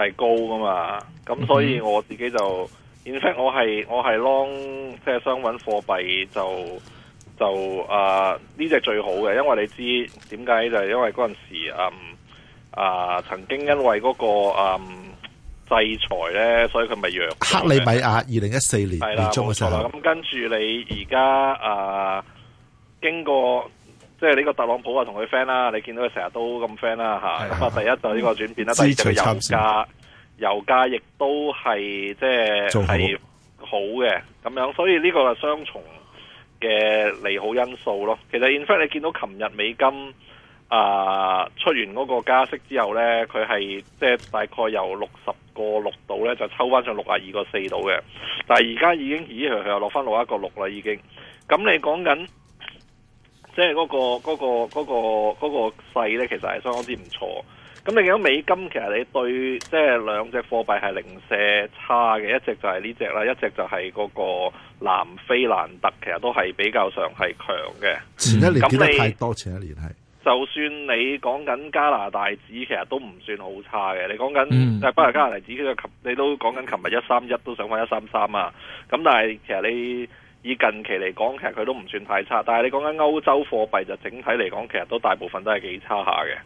係高噶嘛，咁所以我自己就，in fact 我係我係 long 即係商品貨幣就就啊呢隻最好嘅，因為你知點解就係、是、因為嗰陣時嗯啊、呃呃、曾經因為嗰、那個嗯、呃、制裁咧，所以佢咪弱。克里米亞二零一四年年中嘅時候，咁跟住你而家啊經過。即係呢個特朗普啊，同佢 friend 啦，你見到佢成日都咁 friend 啦嚇。咁啊，嗯、第一就呢個轉變啦，是啊、第二就油價，好油價亦都係即係係好嘅咁樣，所以呢個係雙重嘅利好因素咯。其實 in fact 你見到琴日美金啊、呃、出完嗰個加息之後咧，佢係即係大概由六十個六度咧，就抽翻上六啊二個四度嘅。但係而家已經咦佢又落翻六一個六啦已經。咁你講緊？即係嗰個嗰個嗰個嗰個勢咧，其實係相當之唔錯。咁你見到美金其實你對即係兩隻貨幣係零舍差嘅，一隻就係呢隻啦，一隻就係嗰個南非蘭特，其實都係比較上係強嘅。前一年跌得太多，你前一年係。就算你講緊加拿大紙，其實都唔算好差嘅。你講緊但係北加拿大紙，佢嘅你都講緊，琴日一三一都上返一三三啊。咁但係其實你。以近期嚟講，其實佢都唔算太差。但係你講緊歐洲貨幣就整體嚟講，其實都大部分都係幾差下嘅。咁、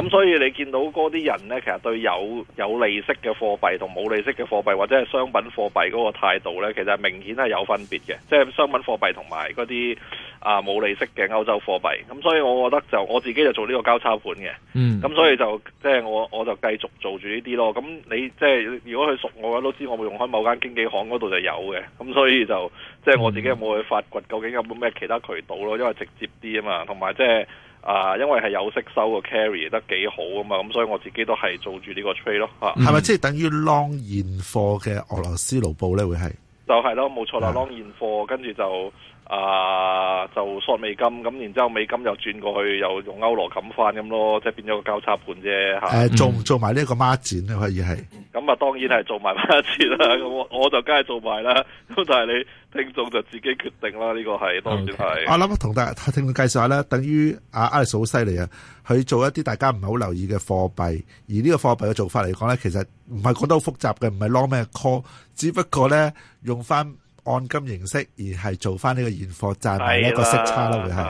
嗯、所以你見到嗰啲人呢，其實對有有利息嘅貨幣同冇利息嘅貨幣或者係商品貨幣嗰個態度呢，其實明顯係有分別嘅。即係商品貨幣同埋嗰啲。啊，冇利息嘅歐洲貨幣，咁所以我覺得就我自己就做呢個交叉盤嘅，咁、嗯、所以就即係、就是、我我就繼續做住呢啲咯。咁你即係、就是、如果佢熟我嘅都知我會用開某間經紀行嗰度就有嘅，咁所以就即係、就是、我自己有冇去發掘究竟有冇咩其他渠道咯，因為直接啲啊嘛，同埋即係啊，因為係有息收個 carry 得幾好啊嘛，咁所以我自己都係做住呢個 trade 咯吓。係咪即係等於 long 現貨嘅俄羅斯盧布咧？會係就係咯，冇錯啦的，long 現貨跟住就。啊，就索美金咁，然之後美金又轉過去，又用歐羅冚翻咁咯，即係變咗個交叉盤啫嚇。誒、嗯，做唔做埋呢個孖展咧，可以係。咁啊、嗯，當然係做埋孖展啦。咁、嗯、我我就梗係做埋啦。咁就係你聽眾就自己決定啦。呢、這個係 Okay, 當然係。我諗同大家聽眾介紹下啦，等於啊 Alex 好犀利啊，佢做一啲大家唔係好留意嘅貨幣，而呢個貨幣嘅做法嚟講咧，其實唔係講得好複雜嘅，唔係攞咩 call，只不過咧用翻。按金形式而係做翻呢個現貨賺埋一個色差啦，會係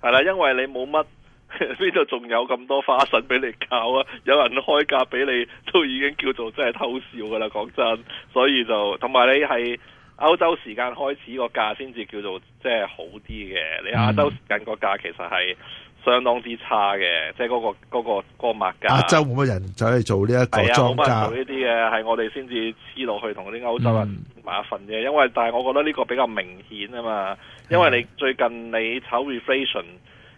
係啦，因為你冇乜呢度仲有咁多花神俾你搞啊，有人開價俾你都已經叫做真係偷笑噶啦，講真，所以就同埋你係歐洲時間開始個價先至叫做即係、就是、好啲嘅，你亞洲時間個價其實係。嗯相當之差嘅，即係嗰個嗰個嗰個物價。亞洲冇乜人走去做呢一個莊家。係冇乜做呢啲嘢。係我哋先至黐落去同啲歐洲人買一份啫。嗯、因為但係我覺得呢個比較明顯啊嘛，因為你最近你炒 reflation，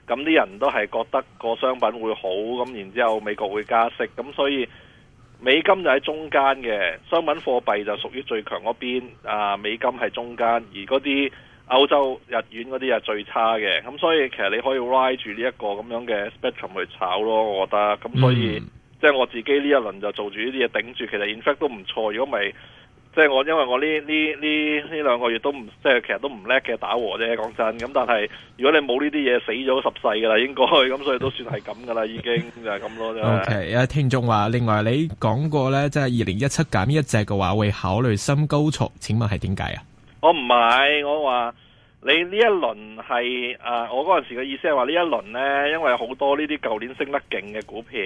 咁啲人都係覺得個商品會好，咁然之後美國會加息，咁所以美金就喺中間嘅商品貨幣就屬於最強嗰邊啊，美金係中間，而嗰啲。歐洲日元嗰啲係最差嘅，咁所以其實你可以 ride 住呢一個咁樣嘅 spectrum 去炒咯，我覺得。咁所以、嗯、即係我自己呢一輪就做住呢啲嘢頂住，其實 in fact 都唔錯。如果咪，即係我因為我呢呢呢呢兩個月都唔即係其實都唔叻嘅打和啫講真。咁但係如果你冇呢啲嘢死咗十世噶啦，應該咁所以都算係咁噶啦， 已經就係咁咯。O K 啊，聽眾話，另外你講過呢，即係二零一七減一隻嘅話，會考慮深高速。請問係點解啊？我唔係，我話你呢一輪係誒、呃，我嗰陣時嘅意思係話呢一輪呢，因為好多呢啲舊年升得勁嘅股票，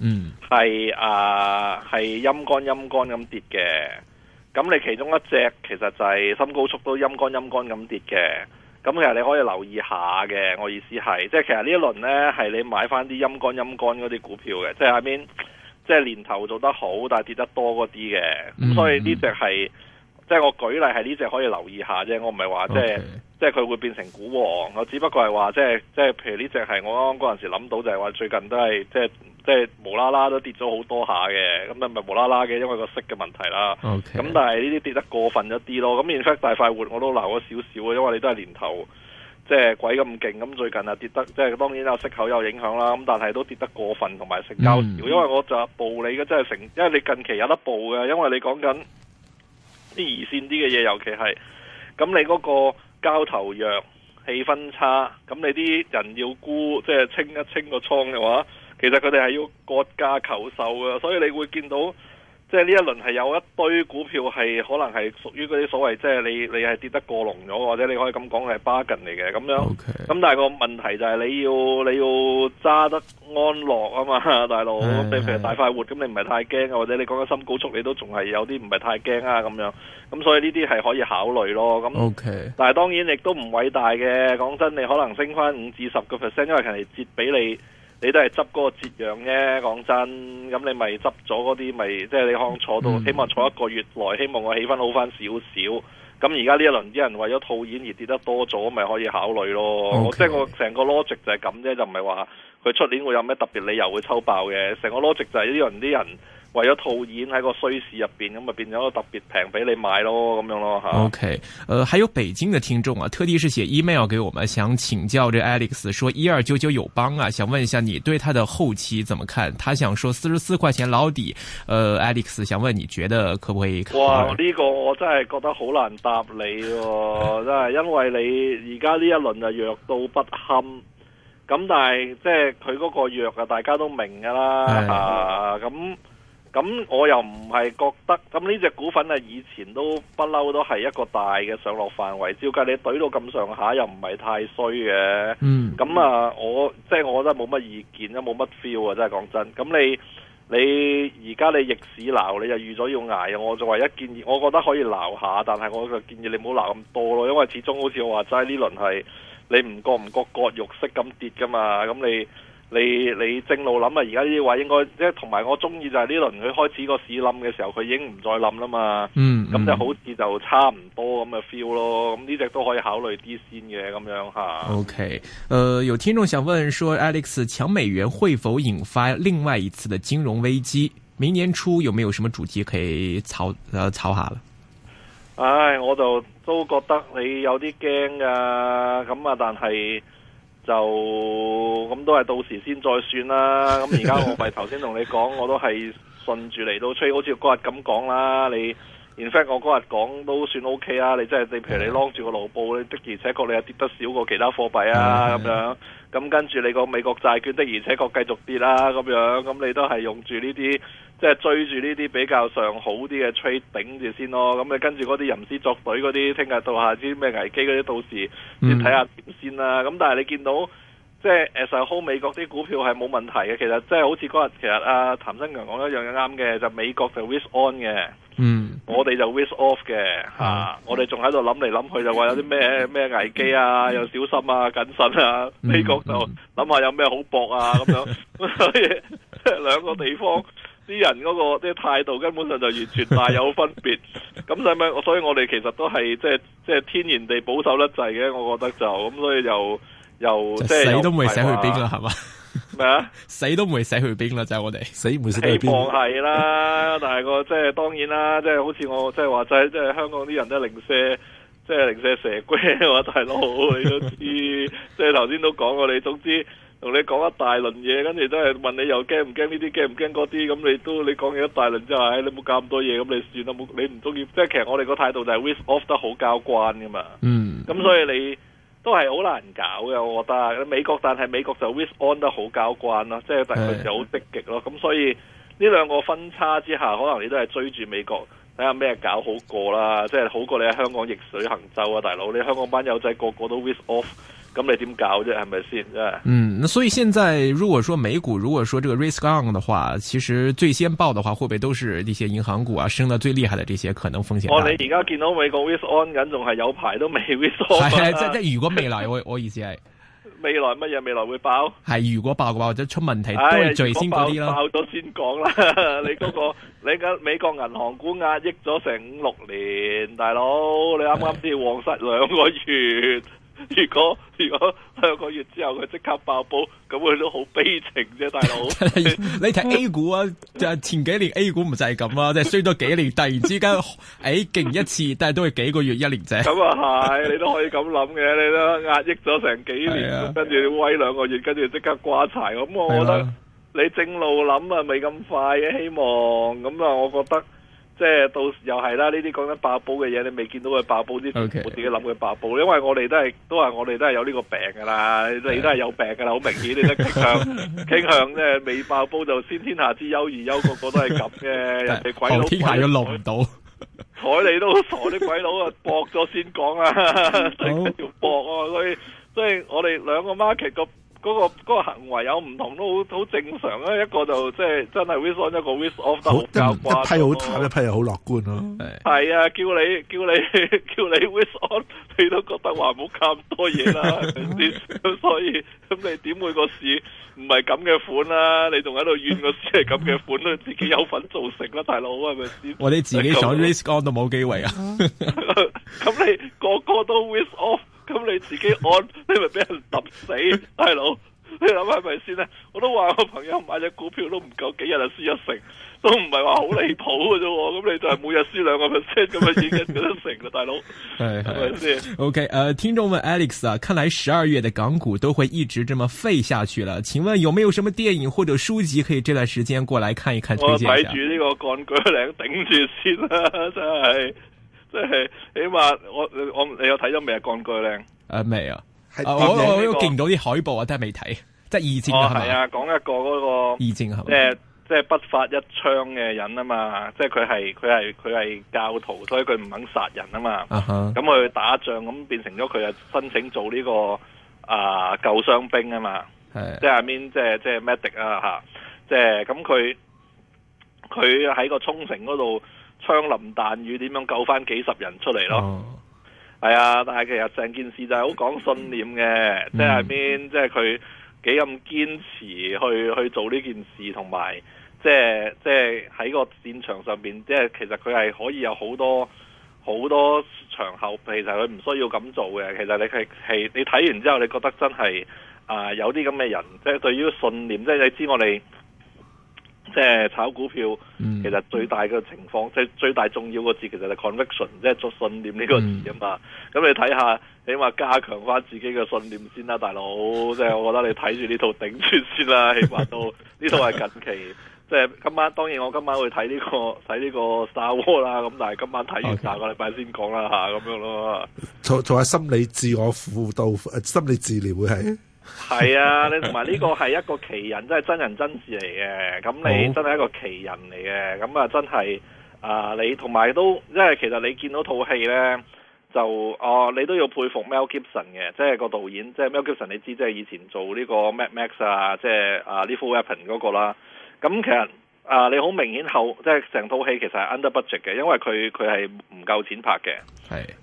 嗯，係誒係陰乾陰乾咁跌嘅。咁你其中一隻其實就係深高速都陰乾陰乾咁跌嘅。咁其實你可以留意下嘅，我意思係，即、就、係、是、其實呢一輪呢，係你買翻啲陰乾陰乾嗰啲股票嘅，即係下邊即係年頭做得好但係跌得多嗰啲嘅。咁、嗯、所以呢隻係。即係我舉例係呢隻可以留意下啫，我唔係話即係即係佢會變成股王，我只不過係話即係即係譬如呢隻係我啱啱嗰陣時諗到，就係話最近都係即係即係無啦啦都跌咗好多下嘅，咁咪無啦啦嘅，因為個息嘅問題啦。咁 Okay. 但係呢啲跌得過分一啲咯，咁 in fact 大快活我都留咗少少嘅，因為你都係年頭即係鬼咁勁，咁最近啊跌得即係當然有息口有影響啦，咁但係都跌得過分同埋成交少，因為我就報你嘅，真係成，因為你近期有得報嘅，因為你講緊。啲二線啲嘅嘢，尤其係咁你嗰個交投弱、氣氛差，咁你啲人要沽，即係清一清個倉嘅話，其實佢哋係要割價求售嘅，所以你會見到。即係呢一輪係有一堆股票係可能係屬於嗰啲所謂，即係你你係跌得過龍咗，或者你可以咁講係 bargain 嚟嘅咁樣。咁 Okay. 但係個問題就係你要你要揸得安樂啊嘛，大佬。你譬是的 如大快活，咁你唔係太驚啊，或者你講緊深高速，你都仲係有啲唔係太驚啊咁樣。咁所以呢啲係可以考慮咯。咁，Okay. 但係當然亦都唔偉大嘅。講真，你可能升翻五至十個 percent，因為人哋折俾你。你都係執嗰個節養啫，講真，咁你咪執咗嗰啲，咪即係你可能坐到，嗯、希望坐一個月內，希望我氣氛好翻少少。咁而家呢一輪啲人為咗套現而跌得多咗，咪可以考慮咯。Okay. 我即係我成個 logic 就係咁啫，就唔係話佢出年會有咩特別理由會抽爆嘅。成個 logic 就係呢輪啲人，為咗套現喺個衰市入邊，咁咪變咗個特別平俾你買咯，咁樣咯，OK，呃還有北京的聽眾啊，特地是寫 email 給我們，想請教這 Alex，說一二九九友邦啊，想問一下你對他的後期怎麼看？他想說四十四塊錢撈底，呃，Alex 想問你覺得可唔可以？哇，呢個我真係覺得好難答你的，真係，因為你而家呢一輪就弱到不堪，咁但係即係佢嗰個弱啊，大家都明噶啦，咁、哎。啊咁我又唔係覺得，咁呢隻股份啊，以前都不嬲都係一個大嘅上落範圍，照計你懟到咁上下又唔係太衰嘅。咁、嗯、啊，我即係、就是、我覺得冇乜意見啦，冇乜 feel 啊，真係講真。咁你你而家你逆市鬧，你就預咗要挨啊。我就唯一建議，我覺得可以鬧下，但係我就建議你唔好鬧咁多咯，因為始終好似我話齋呢輪係你唔覺唔覺割肉式咁跌㗎嘛，咁你。你你正路諗啊，而家呢啲話應該即係同埋我中意就係呢輪佢開始個市冧嘅時候，佢已經唔再冧啦嘛，嗯。嗯，咁就好似就差唔多咁嘅 feel 咯。咁呢隻都可以考慮啲先嘅咁樣吓。OK，誒、呃，有聽眾想問說，Alex 搶美元會否引發另外一次嘅金融危機？明年初有沒有什麼主題可以炒？炒、呃、下啦。唉，我就都覺得你有啲驚噶，咁啊，但係。就咁、嗯、都係到時先再算啦。咁而家我咪頭先同你講，我都係順住嚟到吹，好似嗰日咁講啦，你 In fact, 我嗰日講都算 OK 啦。你真係你譬如你攞住個盧布 Yeah. 你，的而且確你又跌得少過其他貨幣啊咁 Yeah. 樣。咁跟住你個美國債券的而且確繼續跌啦咁樣。咁你都係用住呢啲即係追住呢啲比較上好啲嘅 trade 頂住先咯。咁你跟住嗰啲吟詩作對嗰啲，聽日到下啲咩危機嗰啲，到時先睇下點先啦。咁、mm. 但係你見到即係上好美國啲股票係冇問題嘅。其實即係好似嗰日其實阿、啊、譚新強講一樣嘢啱嘅，就係、美國就 risk on 嘅。嗯。 我哋就 wish off 嘅，吓、嗯啊，我哋仲喺度諗嚟諗去，就話有啲咩咩危機啊，又小心啊、謹慎啊，美國就諗下有咩好搏啊咁、嗯、樣。嗯、所以 兩個地方啲人嗰個啲態度根本上就完全大有分別。咁所以所以我哋其實都係即係即係天然地保守得滯嘅，我覺得就咁。所以又又即係死都唔會寫去邊個係嘛？ 啊、死都唔、就是、會死去邊啦！就 我哋死唔會死去邊。希望係啦，但係個即係當然啦，即、就、係、是、好似我即係話齋即、是、係香港啲人咧零舍，即、就、係、是、零舍蛇龜我嘛！ 大佬你都知，即係頭先都講過你，總之同你講一大輪嘢，跟住都係問你又驚唔驚呢啲，驚唔驚嗰啲，咁你都你講嘢一大輪之後，你冇咁多嘢，咁你算啦，冇你唔中意。即、就、係、是、其實我哋個態度就係 risk off 得好交關噶嘛。嗯。咁所以你。嗯都係好難搞嘅，我覺得。美國但係美國就 risk on 得好交關咯，即係但係佢就好積極咯。咁是的 所以呢兩個分差之下，可能你都係追住美國睇下咩搞好過啦，即係好過你喺香港逆水行舟啊，大佬！你香港班友仔個個都 risk off。咁你點搞啫？係咪先？係。嗯，所以現在如果說美股，如果說這個 risk on 嘅話，其實最先爆嘅話，會唔會都是一些銀行股啊升得最厲害的這些可能風險？我、哦、你而家見到美國 risk on，咁仲係有排都未 risk on、哎。係，即係如果未來我我意思係， 未來乜嘢未來會爆？係、哎、如果爆嘅話或者出問題都係最先嗰啲咯。爆咗先講啦， 你嗰、那個你今美國銀行股壓抑咗成五六年，大佬你啱啱先旺失兩個月。如果如果兩個月之後佢即刻爆煲，咁佢都好悲情啫，大佬。 你睇 A 股啊，就係 前幾年 A 股唔就係咁啊，即係衰多幾年，突然之間，誒、哎、勁一次，但係都係幾個月一年啫、啊。咁啊係， 你都可以咁諗嘅，你都壓抑咗成幾年，跟住、啊、威兩個月，跟住即刻瓜柴，咁我覺得你正路諗啊，未咁快嘅，希望咁啊，我覺得。即係到時又係啦，呢啲講緊爆煲嘅嘢，你未見到佢爆煲，啲 Okay. 我自己諗佢爆煲，因為我哋都係都係我哋都係有呢個病噶啦 Yeah.，你都係有病噶啦，好明顯你都傾向傾向咧未爆煲就先天下之憂而憂，憂個個都係咁嘅， 是人哋鬼佬天下都落唔到，睬你都傻啲鬼佬啊搏咗先講啊，真係要搏啊，所以即係我哋兩個 market 個。嗰、那個那個行為有唔同都好好正常啊！一個就即係真係 risk on，一個 risk off 都好交一一批好淡對一批又好樂觀咯。係、嗯、啊，叫你叫你叫你 risk on，你都覺得話冇咁多嘢啦，係咪先？咁所以咁你點會個市唔係咁嘅款啦、啊？你仲喺度怨個市係咁嘅款啦？自己有份造成啦、啊，大佬係咪先？是是我你自己想 risk on 都冇機會啊！咁 你個個都 risk off，咁你自己 on，你咪俾人。 死大佬，你諗係咪先咧？我都話我朋友買隻股票都唔夠幾日就輸一成，都唔係話好離譜嘅啫。咁 你就係每日輸兩個 percent 咁啊， 就已經嗰一成啦，大佬係係咪先？OK，誒、呃，聽眾問 Alex 啊，看來十二月的港股都會一直這麼廢下去了。請問有沒有什麼電影或者書籍可以這段時間過來看一看，推薦一下？睇住呢個鋼鋸嶺頂住先啦、啊，真係真係，起碼我我你有睇咗未啊？鋼鋸嶺啊，未啊？我的我都見到啲海報啊，都係未睇，即係二戰啊，係咪啊？講、哦、的一個嗰個二戰啊，即係即係不發一槍嘅人啊嘛，即係佢係佢係佢係教徒，所以佢唔肯殺人啊嘛。咁佢、啊、哈打仗咁變成咗佢啊申請做呢、這個啊救傷兵啊嘛，即係下面即係即係 medic 即係咁佢佢喺個沖繩嗰度槍林彈雨點樣救翻幾十人出嚟咯？哦。係啊，但係其實成件事就係好講信念嘅，嗯、即係邊即係佢幾咁堅持去去做呢件事，同埋即係即係喺個戰場上邊，即係其實佢係可以有好多好多場合，其實佢唔需要咁做嘅。其實你係係你睇完之後，你覺得真係啊、呃、有啲咁嘅人，即係對於信念，即係你知我哋。即係炒股票，其實最大嘅情況，嗯、即係最大重要個字，其實係 conviction，即係作信念呢個字啊嘛。咁、嗯、你睇下，起碼加強翻自己嘅信念先啦、啊，大佬。即係 我覺得你睇住呢套頂住先啦、啊，起碼都呢套係近期。即係 今晚，當然我今晚會睇呢個睇呢個 Star War 啦。咁但係今晚睇完 Okay. 大個下個禮拜先講啦嚇，咁樣咯。做做下心理自我輔導，心理治療會係。係 啊，你同埋呢個係一個奇人，真係真人真事嚟嘅。咁你真係一個奇人嚟嘅，咁啊真係啊、呃、你同埋都即係其實你見到套戲呢，就哦、呃、你都要佩服 Mel Gibson 嘅，即、就、係、是、個導演，即、就、係、是、Mel Gibson 你知即係、就是、以前做呢個 Mad Max 啊，即、就、係、是、啊 Lethal Weapon 嗰個啦。咁其實。啊！你好明顯後，即係成套戲其實係 under budget 嘅，因為佢佢係唔夠錢拍嘅。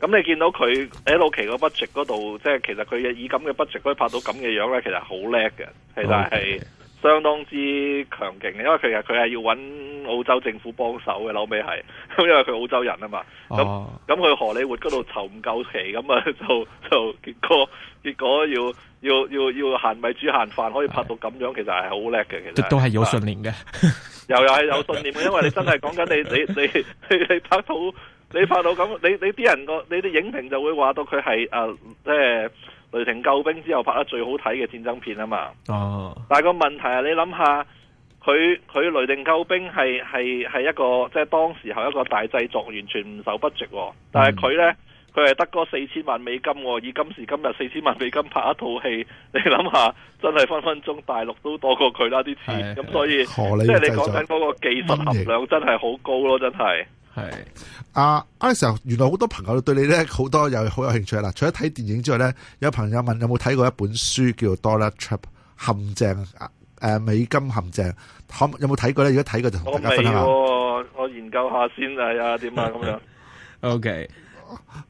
咁是你見到佢喺老奇個 budget 嗰度，即係其實佢以咁嘅 budget 可以拍到咁嘅樣咧，其實好叻嘅，其實係相當之強勁嘅。因為其實佢係要搵澳洲政府幫手嘅，後尾係咁，因為佢澳洲人啊嘛。咁咁佢荷里活嗰度籌唔夠期，咁啊就就結果。結果要要要要限米煮限飯，可以拍到咁樣，其實係好叻嘅。其實都係有信念嘅， 又又係有信念嘅，因為你真係講緊你你你你拍到你拍到咁，你你啲人個你啲影評就會話到佢係誒，即、呃、係雷霆救兵之後拍得最好睇嘅戰爭片啊嘛。哦，但係個問題係，你諗下，佢佢雷霆救兵係係係一個即係、就是、當時候一個大製作，完全唔受 budget，但係佢咧。嗯佢係得嗰四千萬美金喎，以今時今日四千萬美金拍一套戲，你諗下，真係分分鐘大陸都多過佢啦啲錢。咁所以，即係你講緊嗰個技術含量真係好高咯，譯真係。係啊，Alex，原來好多朋友對你咧好多有好有，有，有興趣啦。除咗睇電影之外咧，有朋友問有冇睇過一本書叫《Dollar Trap 陷阱》呃，誒美金陷阱。有冇睇過咧？如果睇過就同大家分享一下。我、啊、我研究一下先啊，點啊咁樣。 OK。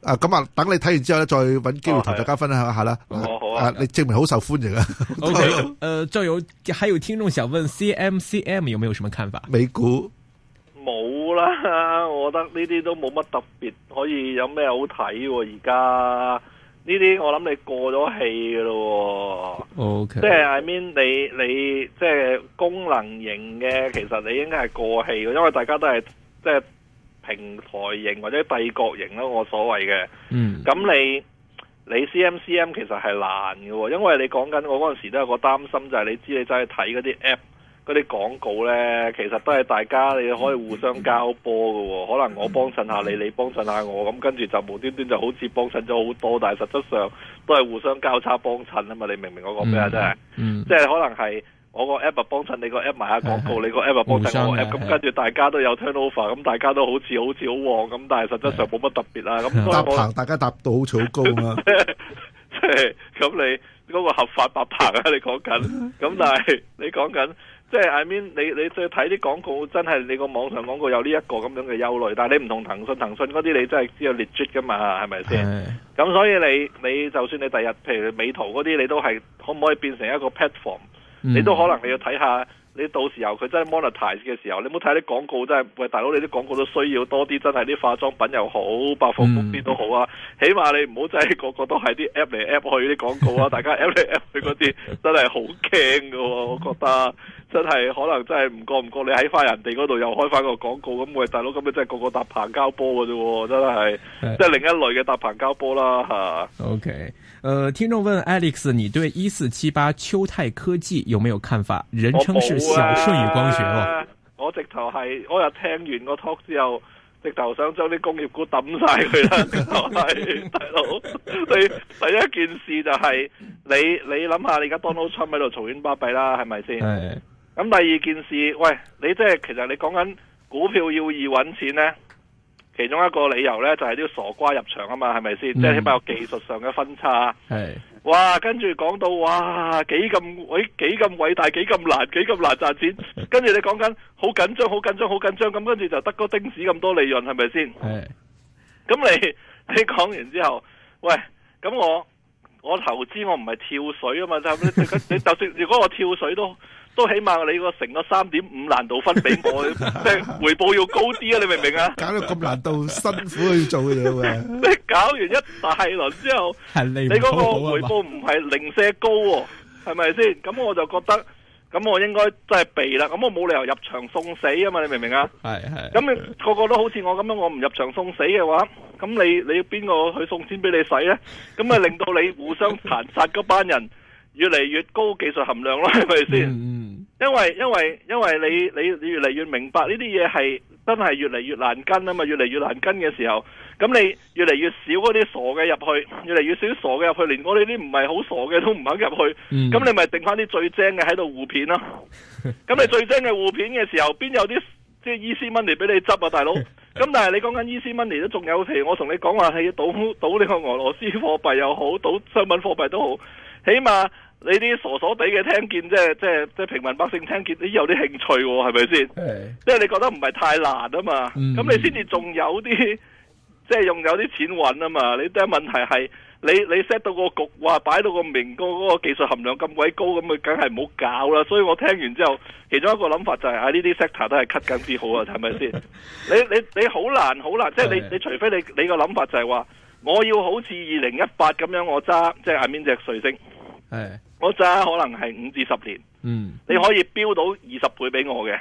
誒，咁啊，啊，等你睇完之後咧，再揾機會同大家分享一下啦。啊啊啊、好啊，啊，你證明好受歡迎啊。O K，誒，再有，還有聽眾想問 C M C M 有冇有什麼看法？美股冇啦，我覺得呢啲都冇乜特別，可以有咩好睇？而家呢啲我諗你過咗氣噶咯。O K，即係 I mean，你你即係、就是、功能型嘅，其實你應該係過氣，因為大家都係即係。就是平台型或者帝國型咯，我所謂嘅，咁、嗯、你你 C M C M 其實係難嘅，因為你講緊我嗰陣時都有個擔心、就係，就係你知你真係睇嗰啲 app 嗰啲廣告呢，其實都係大家你可以互相交波嘅，嗯嗯、可能我幫襯下你，嗯、你幫襯下我，咁跟住就無端端就好似幫襯咗好多，但係實質上都係互相交叉幫襯啊嘛，你明唔明我講咩啊？真係、嗯，即、嗯、係可能係。我個 app 咪幫襯你個 app 賣下廣告，你個 app 咪幫襯我 app，咁跟住大家都有 turnover，咁大家都好似好似好旺，咁但係實質上冇乜特別啦。咁搭棚，大家搭到好似好高啊！即係咁，你嗰個合法白棚啊？你講緊，咁但係你講緊，即係 i m e a n 你你再睇啲廣告，真係你個網上廣告有呢一個咁樣嘅憂慮，但係你唔同騰訊，騰訊嗰啲你真係只有劣質噶嘛，係咪先？咁所以你你就算你第日譬如美圖嗰啲，你都係可唔可以變成一個 platform？嗯、你都可能你要睇下，你到時候佢真係 monetize 嘅時候，你冇睇啲廣告真係，喂大佬你啲廣告都需要多啲，真係啲化妝品又好，百貨公司都好啊。嗯、起碼你唔好真係個個都係啲 app 嚟 app 去啲廣告啊， 大家 app 嚟 app 去嗰啲真係好驚噶喎，我覺得真係可能真係唔過唔過你喺翻人哋嗰度又開翻個廣告咁，喂大佬咁你真係個個搭棚交波嘅啫，真係即係另一類嘅搭棚交波啦吓 OK。呃，聽眾問 Alex，你對一四七八秋泰科技有沒有看法？人稱是小舜宇光學哦、啊。我直頭係，我又聽完個 talk 之後，直頭想將啲工業股抌晒佢啦。係 大佬，你第一件事就係你你諗下，你而家 Donald Trump 喺度嘈冤巴閉啦，係咪先？咁是第二件事，喂，你即係其實你講緊股票要易揾錢呢？其中一個理由呢就係、是、啲傻瓜入場啊嘛，係咪先？即係、嗯、起碼有技術上嘅分差。係是哇，跟住講到哇，幾咁，偉，幾咁偉大，幾咁難，幾咁難賺錢。跟住你講緊好緊張，好緊張，好緊張咁，跟住就得個釘子咁多利潤，係咪先？係咁是你你講完之後，喂，咁我我投資我唔係跳水啊嘛，就是、你就算如果我跳水都。都起碼你個成個三點五難度分俾我，即係 回報要高啲啊！你明唔明啊？搞到咁難度辛苦去做嘅嘢 你搞完一大輪之後，你嗰個回報唔係零舍高喎、哦，係咪先？咁我就覺得，咁我應該真係避啦。咁我冇理由入場送死啊嘛！你明唔明啊？係係。咁個個都好似我咁樣，我唔入場送死嘅話，咁你你邊個去送錢俾你使呢？咁咪令到你互相殘殺嗰班人越嚟越高技術含量咯，係咪先？嗯因為因為因為你你，你越嚟越明白呢啲嘢，係真係越嚟越難跟啊嘛，越嚟越難跟嘅時候，咁你越嚟越少嗰啲傻嘅入去，越嚟越少傻嘅入去，連我哋啲唔係好傻嘅都唔肯入去，咁、嗯、你咪定翻啲最精嘅喺度互片咯。咁 你最精嘅互片嘅時候，邊有啲即係 Easy Money 俾你執啊，大佬？咁 但係你講緊 Easy Money 都仲有其，譬如我同你講話係要賭賭呢個俄羅斯貨幣又好，賭商品貨幣都好，起碼。你啲傻傻地嘅聽見，即係即係即係平民百姓聽見，你有啲興趣喎、哦，係咪先？即係 Hey. 你覺得唔係太難啊嘛，咁、mm. 你先至仲有啲，即係用有啲錢揾啊嘛。你但係問題係，你你 set 到個局，話擺到個名，個嗰個技術含量咁鬼高，咁咪梗係唔好搞啦。所以我聽完之後，其中一個諗法就係、是，啊呢啲 sector 都 u t 緊之好啊，係咪先？你你你好難好難，即係你 Hey. 你除非你你個諗法就係話，我要好似二零一八咁樣，我揸即係 i 面 i 即瑞星。我想可能係五至十年，嗯，你可以標到二十倍俾我嘅，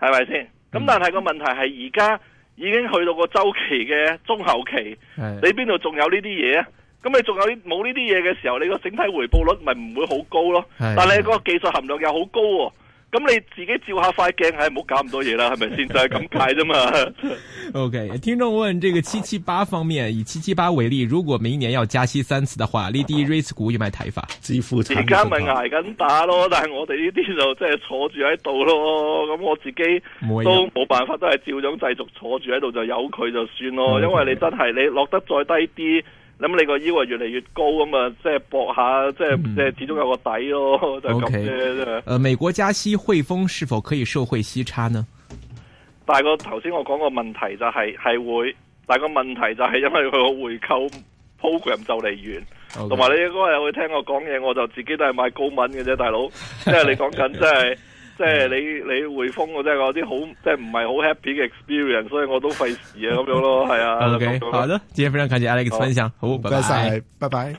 係咪先？咁、嗯、但係個問題係而家已經去到個周期嘅中後期，的你邊度仲有呢啲嘢啊？咁你仲有冇呢啲嘢嘅時候，你個整體回報率咪唔會好高咯？的但係個技術含量又好高喎。咁你自己照下塊鏡，係唔好搞咁多嘢啦，係咪先就係咁解啫嘛？OK，聽眾問：這個七七八方面，以七七八為例，如果明年要加息三次嘅話，呢啲 REITs 股有咩睇法？而家咪捱緊打咯，但係我哋呢啲就即係坐住喺度咯。咁我自己都冇辦法，都係照樣繼續坐住喺度，就由佢就算咯。因為你真係你落得再低啲。咁你個腰圍越嚟越高咁啊，即係搏下，即係即係始終有個底咯，嗯、就咁嘅啫。誒、okay, 呃，美國加息，匯豐是否可以受惠息差呢？但係個頭先我講個問題就係、是、係會，但係個問題就係因為佢個回購 program 就嚟完，同埋 Okay. 你應該係會聽我講嘢，我就自己都係買高敏嘅啫，大佬， 即係你講緊即係。 嗯、即係你你匯豐我真係有啲好即係唔係好 happy 嘅 experience，所以我都費事啊咁樣咯，係啊。OK，okay. 好的，今日非常感謝 Alex 嘅分享，好，唔該晒，拜拜。